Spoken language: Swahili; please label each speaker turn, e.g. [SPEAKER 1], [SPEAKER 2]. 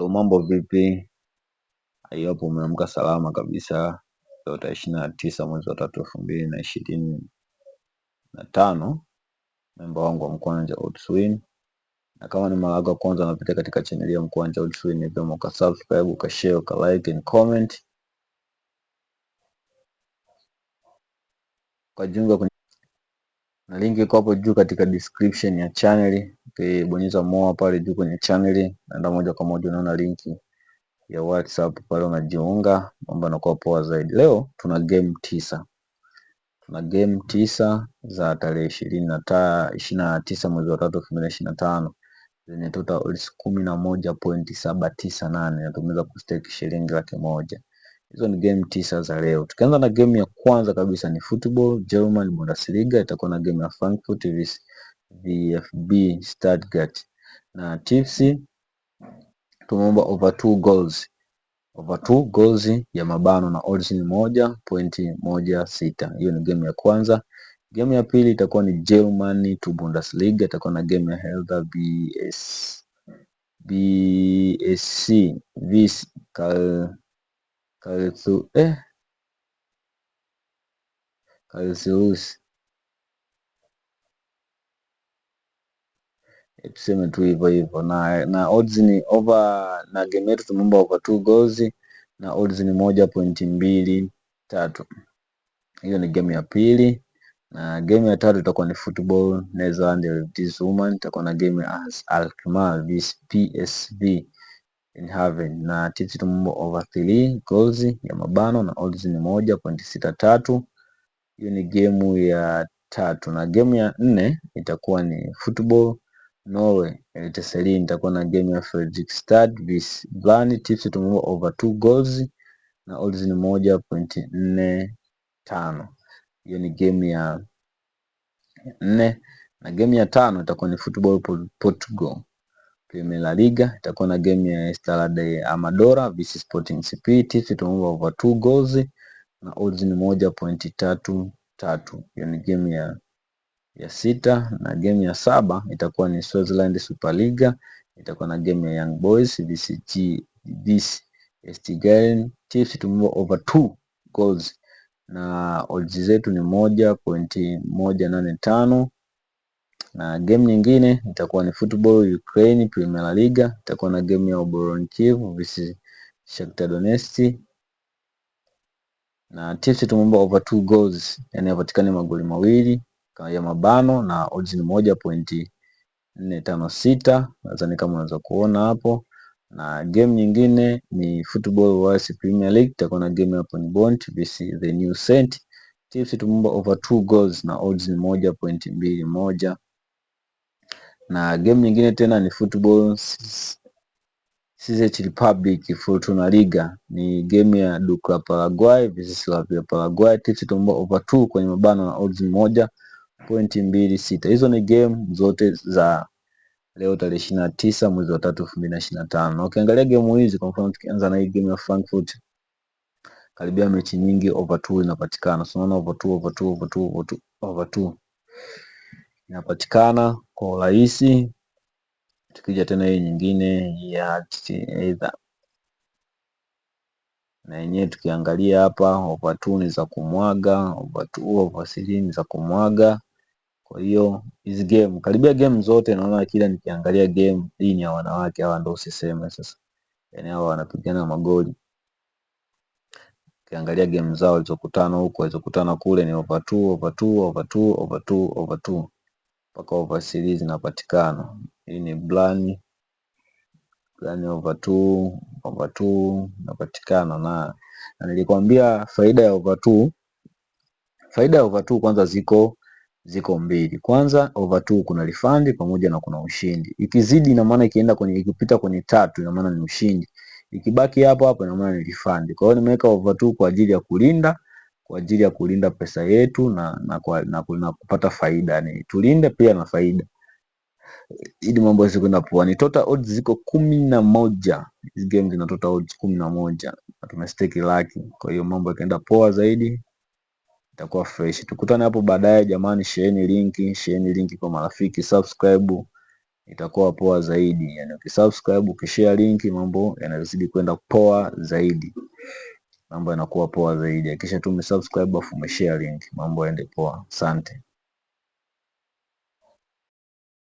[SPEAKER 1] Hello mambo vipi? aiyapo umeamka salama kabisa leo tarehe ishirini na tisa mwezi wa tatu elfu mbili na ishirini na tano memba wangu wa Mkwanja Oddswin, na kama ni mara yako ya kwanza unapita katika chaneli ya Mkwanja Oddswin, ni vyema ukasubscribe, ukashare, ukalike and comment ukajiunga kwenye na linki iko hapo juu katika description ya chaneli ukibonyeza moa pale juu kwenye channel, naenda moja kwa moja unaona link ya WhatsApp pale, unajiunga, mambo yanakuwa poa zaidi. Leo tuna game tisa, tuna game tisa za tarehe ishirini na tisa mwezi wa tatu elfu mbili na ishirini na tano zenye total odds kumi na moja pointi saba tisa nane na kustake shilingi laki moja. Hizo ni game tisa za leo. Tukianza na game ya kwanza kabisa ni football German Bundesliga, itakuwa na game ya Frankfurt vs VfB Stuttgart na TFC tumeomba over two goals, over two goals ya mabano na odds ni moja pointi moja sita. Hiyo ni game ya kwanza. Game ya pili itakuwa ni Germany to Bundesliga, itakuwa na game ya Hertha BS BSC vs Kal Kalsu eh Kalsius tuseme tu hivyo hivyo, na, na odds ni over, na game yetu tumeomba over two goals na odds ni moja pointi mbili tatu. Hiyo ni game ya pili, na game ya tatu itakuwa ni football Netherlands This Women itakuwa na game as Alkmaar vs PSV in Haven, na tips tumeomba over 3 goals ya mabano na odds ni moja pointi sita tatu. Hiyo ni game ya tatu, na game ya nne itakuwa ni football Norway itasalia itakuwa na game ya Fredrikstad Visby. Tips tumemua over 2 goals na odds ni moja pointi nne tano. Hiyo ni game ya nne, na game ya tano itakuwa ni Football Portugal Premier La Liga, itakuwa na game ya Estrela de Amadora vs Sporting CP. Tips tumemua over 2 goals na odds ni moja pointi tatu tatu. Hiyo ni game ya ya sita na game ya saba itakuwa ni Swaziland Super League, itakuwa na game ya Young Boys VCG this Estigen Chiefs tumbo over 2 goals na odds zetu ni moja pointi moja nane tano na game nyingine itakuwa ni Football Ukraine Premier League, itakuwa na game ya Oborontiv vs Shakhtar Donetsk na Chiefs tumomba over 2 goals, yani hapatikani magoli mawili ya mabano na odds ni moja pointi nne tano sita nadhani kama unaweza kuona hapo, na game nyingine ni Football Wales Premier League, tutakuwa na game hapo ni Bont vs the New Saint TFC Tumumba over 2 goals na odds ni moja pointi mbili moja na game nyingine tena ni Football CZ Republic Fortuna Liga ni game ya Duke Duka Paraguay vs Paraguay, TFC Tumumba over 2 kwenye mabano na odds ni moja pointi mbili sita. Hizo ni game zote za leo tarehe ishirini na tisa mwezi wa tatu elfu mbili na ishirini na tano na ukiangalia game hizi, kwa mfano tukianza na hii game ya Frankfurt, karibia mechi nyingi over two inapatikana. So unaona over two, over two, over two, over two, over two inapatikana kwa urahisi. Tukija tena hii nyingine ya either na yenyewe tukiangalia hapa over two ni za kumwaga, over two, over three ni za kumwaga kwa hiyo hizi game karibia game zote naona kila nikiangalia game hii ni ya wanawake hawa, ndio usiseme sasa, yani hawa wanapigana magoli. kiangalia game zao walizokutana huko walizokutana kule ni over 2 over 2 over 2 over 2 over 2 mpaka over series zinapatikana. Hii ni blani blani over 2 over 2 napatikana na na nilikwambia faida ya over 2 faida ya over 2 kwanza ziko ziko mbili. Kwanza over 2 kuna refund pamoja na kuna ushindi. Ikizidi ina maana ikienda kwenye ikipita kwenye tatu ina maana ni ushindi. Ikibaki hapo hapo ina maana ni refund. Kwa hiyo nimeweka over 2 kwa ajili ya kulinda kwa ajili ya kulinda pesa yetu na na, kwa, na, na kupata faida yani tulinde pia na faida ili mambo yasiwe kwenda poa. Ni total odds ziko kumi na moja. Hizi game zina total odds kumi na moja tumestake laki, kwa hiyo mambo yakaenda poa zaidi itakuwa fresh. Tukutane hapo baadaye jamani, sheeni linki, sheeni linki kwa marafiki, subscribe itakuwa poa zaidi. Yani ukisubscribe ukishare linki, mambo yanazidi kwenda poa zaidi, mambo yanakuwa poa zaidi. Akisha tu umesubscribe afu umeshare linki, mambo yaende poa. Asante.